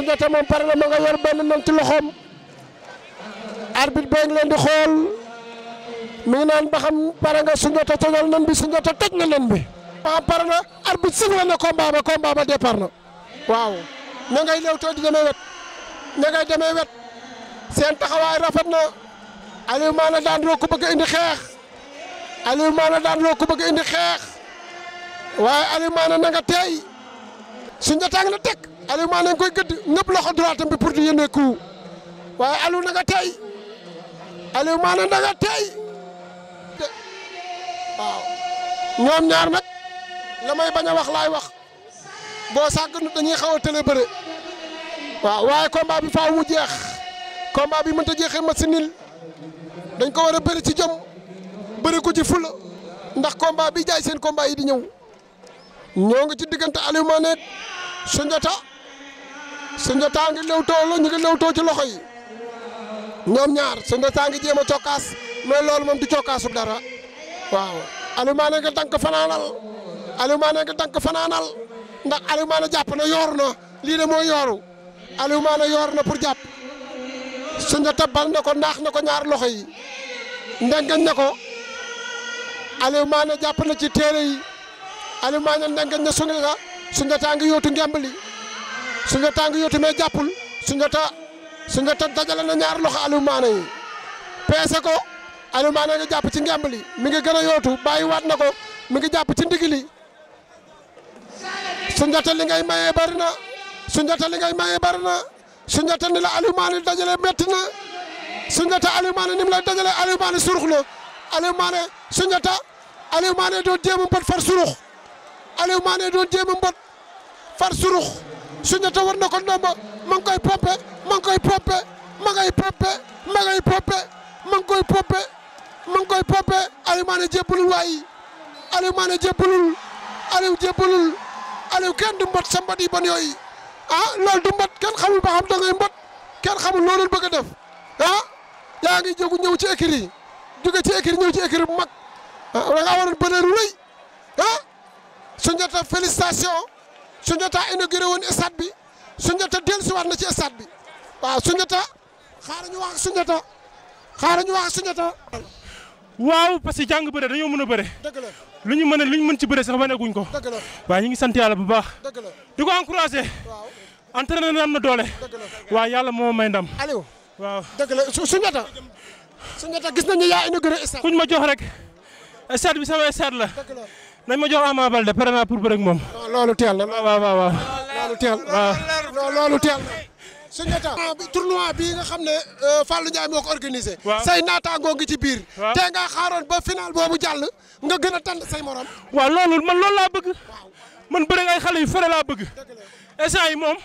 Assane Diatta moom pare na ma nga yor benn nan ci loxoom arbitre bee ngi leen di xool mi ngi naan ba xam pare nga Assane Diatta tojal nan bi Assane Diatta toj na nan bi. waaw pare na arbitre sifflé na combat ba combat ba départ na waaw ña ngay léew too di demee wet seen taxawaay rafet na Aliou Maana daan loo ko bëgg a indi xeex Aliou Maana daan loo ko a indi xeex waaye Aliou Maana na nga tey Assane Diatta na teg. Aliou maa nañ koy gëdd ñëpp loxo droitam bi pour di yéene coup waaye Aliou na nga tey Aliou maa na nga waaw ñoom ñaar nag la may bañ a wax laay wax boo sàgganut dañuy xaw a tële waaw waaye combat bi faaw mu jeex combat bi mënta jeexee ma dañ ko war a bëri ci jom bëri ko ci fula ndax combat bi jaay seen combat yi di ñëw ñoo ngi ci diggante Aliou Mané Soundiata Sëñ Ndiata ngi lewtoo la ñu ngi lewtoo ci loxo yi ñoom ñaar Sëñ Ndiata ngi a cokkaas mais loolu moom di cokkaasu dara waaw Aliou Mané nga tànk fanaanal tànk fanaanal ndax Aliou jàpp na yoor na lii de mooy yooru Aliou Mané yoor na pour jàpp Sëñ Ndiata na ko naax na ko ñaar loxo yi ndengeñ na ko Aliou Mané jàpp na ci téere yi Aliou Mané ndengeñ na suñu la Sëñ Ndiata ngi yóotu Soundiata ngi yóotumee jàppul Soundiata Soundiata dajale na ñaar loxo Aliou Mané yi peese ko Aliou Mané nga jàpp ci ngemb li mi ngi gën a yóotu bàyyiwaat na ko mi ngi jàpp ci ndig li Soundiata li ngay mayee bari na Soundiata li ngay mayee bari na Soundiata ni la Aliou Mané dajale métti na Soundiata Aliou Mané ni la dajale Aliou Mané surux na Aliou Mané Soundiata Aliou Mané doon jéem a mbot far surux Aliou Mané doon jéem a mbot far surux Sunjata war na ko ndomba ma ngi koy pompé ma koy pompé ma ngay pompé ma ngay pompé ma ngi koy pompé ma ngi koy pompé Aliou Mané jébbalul waay Aliou Mané jébbalul Aliou jébbalul kenn du mbot sa mbot yi bon yooyu ah loolu du mbot kenn xamul ba xam da ngay kenn xamul loolu bëgg a def ah yaa ngi jógu ñëw ci écrit yi ci écrit ñëw ci écrit bu mag ah da ngaa waroon bële lu rëy ah Sunjata Sunjata inauguré woon stade bi Sunjata dellusiwaat na ci stade bi waaw Sunjata xaaral ñu wax ak Sunjata xaaral ñu wax ak Sunjata. waaw parce que jàng bëre dañoo mën a bëre. dëgg la ñu mën a lu ñu mën ci bëre sax waneeguñ ko. dëgg la waaye ñu ngi sant yàlla bu baax. dëgg la di na am na doole. dëgg la waaw yàlla moo may ndam. Aliou waaw dëgg la Sunjata. Sunjata gis nañu yaa inauguré stade. kuñ ma jox rek stade bi sama stade la. nañ ma jox Ama Baldé pare naa pour bëre ak moom. loolu teel na waaw waaw waaw. loolu teel waaw loolu teel na. suñu état tournoi bii nga xam ne euh, Fallou Ndiaye moo ko say naataangoo ngi ci biir. waaw te nga xaaroon ba final boobu jàll nga gën a tànn say morom. waaw loolu man loolu laa bëgg. man bëre ay xale yu fële laa bëgg. dëgg yi moom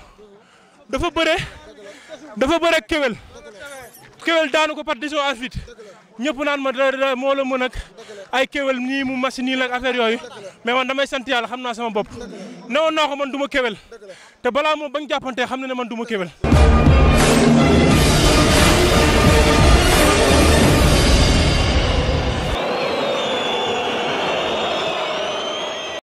dafa bëre. dafa bëre ak kéwél kéwél daanu ko par décision à vite ñëpp naan ma da moo la mën ak ay kéwél nii mu machine nii la affaire yooyu mais man damay sant yàlla xam naa sama bopp newoon naa ko man duma ma kéwél te balaa moom bañ jàppante xam na ne man duma ma kéwél